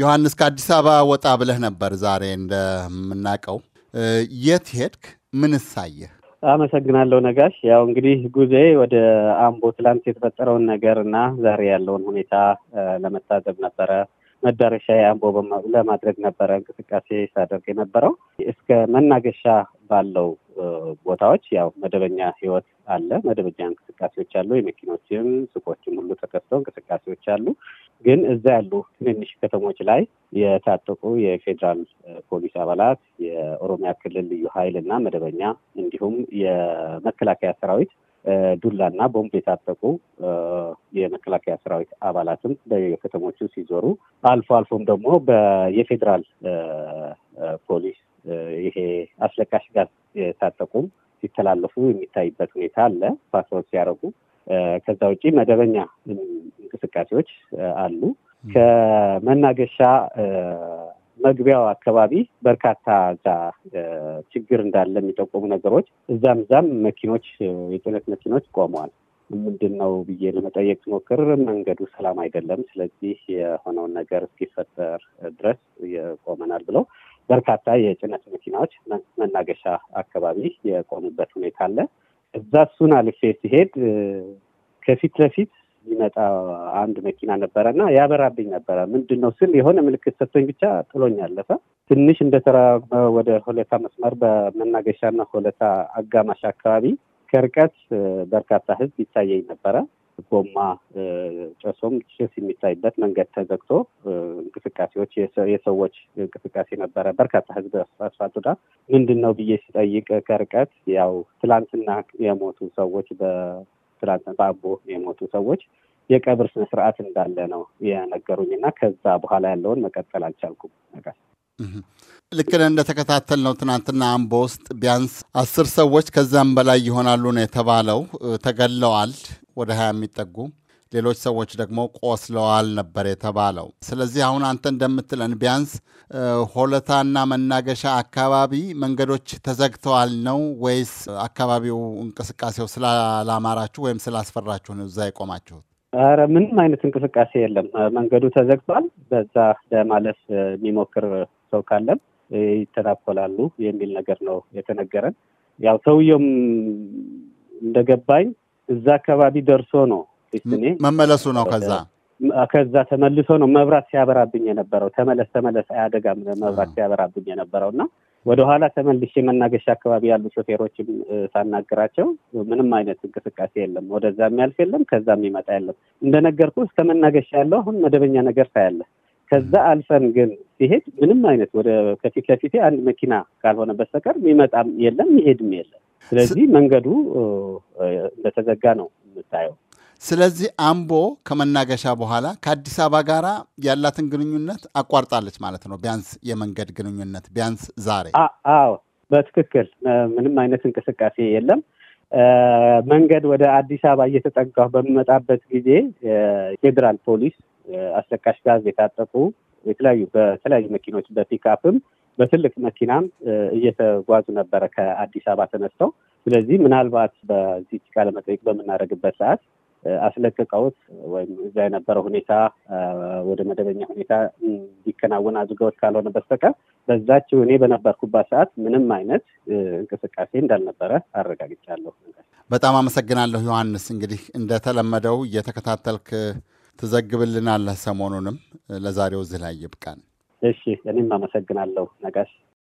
ዮሐንስ ከአዲስ አበባ ወጣ ብለህ ነበር ዛሬ እንደምናውቀው። የት ሄድክ? ምን አየህ? አመሰግናለሁ ነጋሽ። ያው እንግዲህ ጉዜ ወደ አምቦ ትላንት የተፈጠረውን ነገር እና ዛሬ ያለውን ሁኔታ ለመታዘብ ነበረ። መዳረሻ የአምቦ ለማድረግ ነበረ እንቅስቃሴ ሳደርግ የነበረው። እስከ መናገሻ ባለው ቦታዎች ያው መደበኛ ህይወት አለ፣ መደበኛ እንቅስቃሴዎች አሉ። የመኪኖችም ሱቆችም ሁሉ ተከፍተው እንቅስቃሴዎች አሉ። ግን እዛ ያሉ ትንንሽ ከተሞች ላይ የታጠቁ የፌዴራል ፖሊስ አባላት፣ የኦሮሚያ ክልል ልዩ ኃይል እና መደበኛ እንዲሁም የመከላከያ ሰራዊት ዱላና ቦምብ የታጠቁ የመከላከያ ሰራዊት አባላትም በየከተሞቹ ሲዞሩ አልፎ አልፎም ደግሞ የፌዴራል ፖሊስ ይሄ አስለቃሽ ጋር የታጠቁም ሲተላለፉ የሚታይበት ሁኔታ አለ። ፓስፖርት ሲያደርጉ ከዛ ውጪ መደበኛ እንቅስቃሴዎች አሉ። ከመናገሻ መግቢያው አካባቢ በርካታ እዛ ችግር እንዳለ የሚጠቆሙ ነገሮች እዛም እዛም መኪኖች የጭነት መኪኖች ቆመዋል። ምንድን ነው ብዬ ለመጠየቅ ስሞክር መንገዱ ሰላም አይደለም፣ ስለዚህ የሆነውን ነገር እስኪፈጠር ድረስ ቆመናል ብለው በርካታ የጭነት መኪናዎች መናገሻ አካባቢ የቆሙበት ሁኔታ አለ። እዛ እሱን አልፌ ሲሄድ ከፊት ለፊት ይመጣ አንድ መኪና ነበረና ያበራብኝ ነበረ። ምንድን ነው ስል የሆነ ምልክት ሰጥቶኝ ብቻ ጥሎኝ አለፈ። ትንሽ እንደተራ ወደ ሆለታ መስመር በመናገሻና ሆለታ አጋማሽ አካባቢ ከርቀት በርካታ ሕዝብ ይታየኝ ነበረ። ጎማ ጨሶም ጭስ የሚታይበት መንገድ ተዘግቶ እንቅስቃሴዎች የሰዎች እንቅስቃሴ ነበረ። በርካታ ህዝብ አስፋጭዳ ምንድን ነው ብዬ ሲጠይቅ ከርቀት ያው ትላንትና የሞቱ ሰዎች በትላንትና በአቦ የሞቱ ሰዎች የቀብር ስነስርዓት እንዳለ ነው የነገሩኝ እና ከዛ በኋላ ያለውን መቀጠል አልቻልኩም ነገር ልክን እንደተከታተል ነው ትናንትና አምቦ ውስጥ ቢያንስ አስር ሰዎች ከዛም በላይ ይሆናሉ ነው የተባለው ተገለዋል። ወደ 20 የሚጠጉ ሌሎች ሰዎች ደግሞ ቆስለዋል ነበር የተባለው። ስለዚህ አሁን አንተ እንደምትለን ቢያንስ ሆለታና መናገሻ አካባቢ መንገዶች ተዘግተዋል ነው ወይስ አካባቢው እንቅስቃሴው ስላላማራችሁ ወይም ስላስፈራችሁ ነው እዛ የቆማችሁት? አረ ምንም አይነት እንቅስቃሴ የለም። መንገዱ ተዘግቷል። በዛ ለማለፍ የሚሞክር ሰው ካለም ይተናኮላሉ የሚል ነገር ነው የተነገረን። ያው ሰውየውም እንደገባኝ እዛ አካባቢ ደርሶ ነው መመለሱ ነው። ከዛ ከዛ ተመልሶ ነው መብራት ሲያበራብኝ የነበረው። ተመለስ ተመለስ አያደጋም መብራት ሲያበራብኝ የነበረው እና ወደኋላ ተመልሼ መናገሻ አካባቢ ያሉ ሾፌሮችም ሳናግራቸው ምንም አይነት እንቅስቃሴ የለም፣ ወደዛ የሚያልፍ የለም፣ ከዛ የሚመጣ የለም። እንደነገርኩ እስከ መናገሻ ያለው አሁን መደበኛ ነገር ታያለ። ከዛ አልፈን ግን ሲሄድ ምንም አይነት ወደ ከፊት ለፊቴ አንድ መኪና ካልሆነ በስተቀር የሚመጣም የለም፣ ሚሄድም የለም። ስለዚህ መንገዱ እንደተዘጋ ነው የምታየው። ስለዚህ አምቦ ከመናገሻ በኋላ ከአዲስ አበባ ጋር ያላትን ግንኙነት አቋርጣለች ማለት ነው። ቢያንስ የመንገድ ግንኙነት ቢያንስ ዛሬ። አዎ በትክክል ምንም አይነት እንቅስቃሴ የለም። መንገድ ወደ አዲስ አበባ እየተጠጋሁ በሚመጣበት ጊዜ ፌዴራል ፖሊስ አስለቃሽ ጋዝ የታጠቁ የተለያዩ በተለያዩ መኪኖች በፒክአፕም በትልቅ መኪናም እየተጓዙ ነበረ ከአዲስ አበባ ተነስተው። ስለዚህ ምናልባት በዚህ ቃለ መጠይቅ በምናደርግበት ሰዓት አስለቅቀውት ወይም እዛ የነበረ ሁኔታ ወደ መደበኛ ሁኔታ እንዲከናወን አድርገውት ካልሆነ በስተቀር በዛችው እኔ በነበርኩባት ሰዓት ምንም አይነት እንቅስቃሴ እንዳልነበረ አረጋግጫለሁ። በጣም አመሰግናለሁ ዮሐንስ። እንግዲህ እንደተለመደው እየተከታተልክ ትዘግብልናለህ። ሰሞኑንም ለዛሬው እዚህ ላይ ይብቃን። እሺ እኔም አመሰግናለሁ ነጋሽ